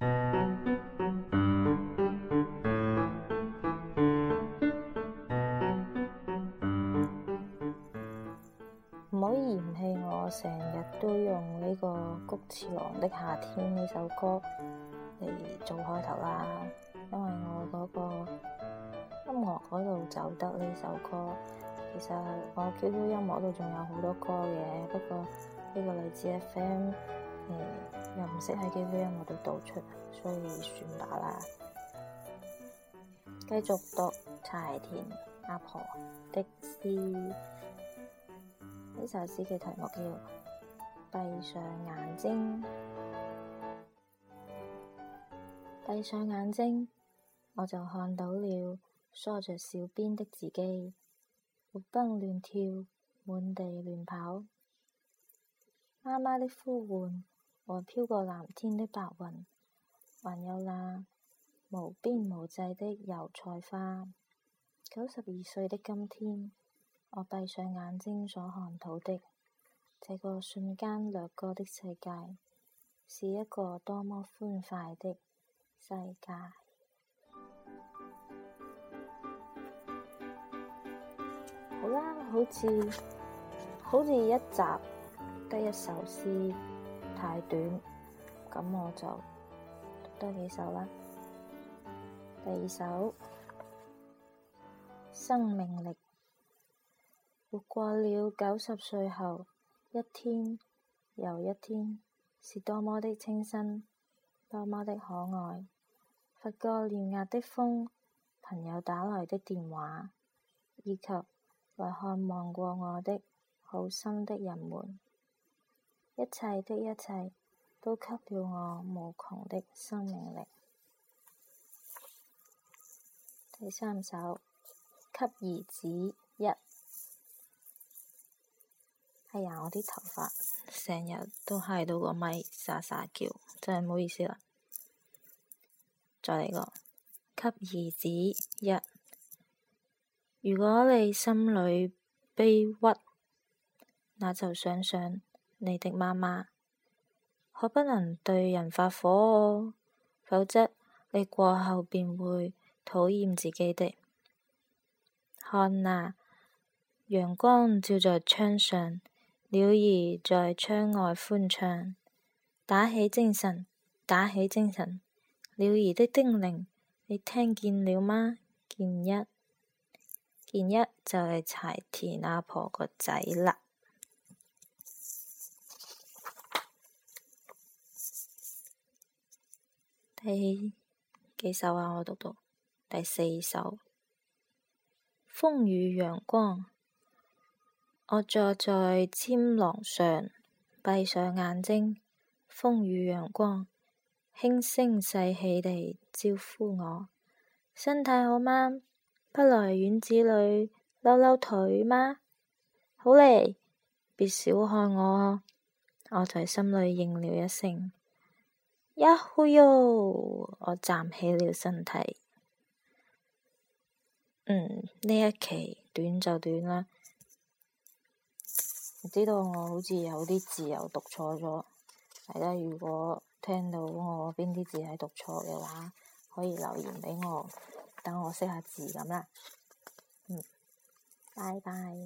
唔好嫌棄我成日都用呢、這個《菊次郎的夏天》呢首歌嚟做開頭啦，因為我嗰個音樂嗰度就得呢首歌。其實我 QQ 音樂度仲有好多歌嘅，不過呢個類似 FM 嗯、又唔識喺邊度讀出，所以算罷啦。繼續讀柴田阿婆的詩，呢首詩嘅題目叫《閉上眼睛》，閉上眼睛，我就看到了梳着小辮的自己，活蹦亂跳，滿地亂跑，媽媽的呼喚。我飄過藍天的白雲，還有那無邊無際的油菜花。九十二歲的今天，我閉上眼睛所看到的這個瞬間掠過的世界，是一個多麼歡快的世界。好啦，好似好似一集得一首詩。太短，咁我就讀多幾首啦。第二首生命力，活過了九十歲後，一天又一天，是多麼的清新，多麼的可愛。拂過臉頰的風，朋友打來的電話，以及來看望過我的好心的人們。一切的一切都給了我無窮的生命力。第三首，給兒子一。哎呀，我啲頭髮成日都揩到個咪，沙沙叫，真係唔好意思啦。再嚟個，給兒子一。如果你心裏悲鬱，那就想想。你的媽媽可不能對人發火哦，否則你過後便會討厭自己的。看那陽光照在窗上，鳥兒在窗外歡唱。打起精神，打起精神，鳥兒的叮嚀，你聽見了嗎？健一，健一就係柴田阿婆個仔啦。第幾首啊？我讀讀第四首《風雨陽光》。我坐在氈廊上，閉上眼睛。風雨陽光，輕聲細氣地招呼我：身體好嗎？不來院子裏溜溜腿嗎？好嚟，別小看我。我在心裏應了一聲。呀呼喲！Yo, 我站起了身體。嗯，呢一期短就短啦。唔知道我好似有啲字又讀錯咗，大家如果聽到我邊啲字係讀錯嘅話，可以留言畀我，等我識下字咁啦。嗯，拜拜。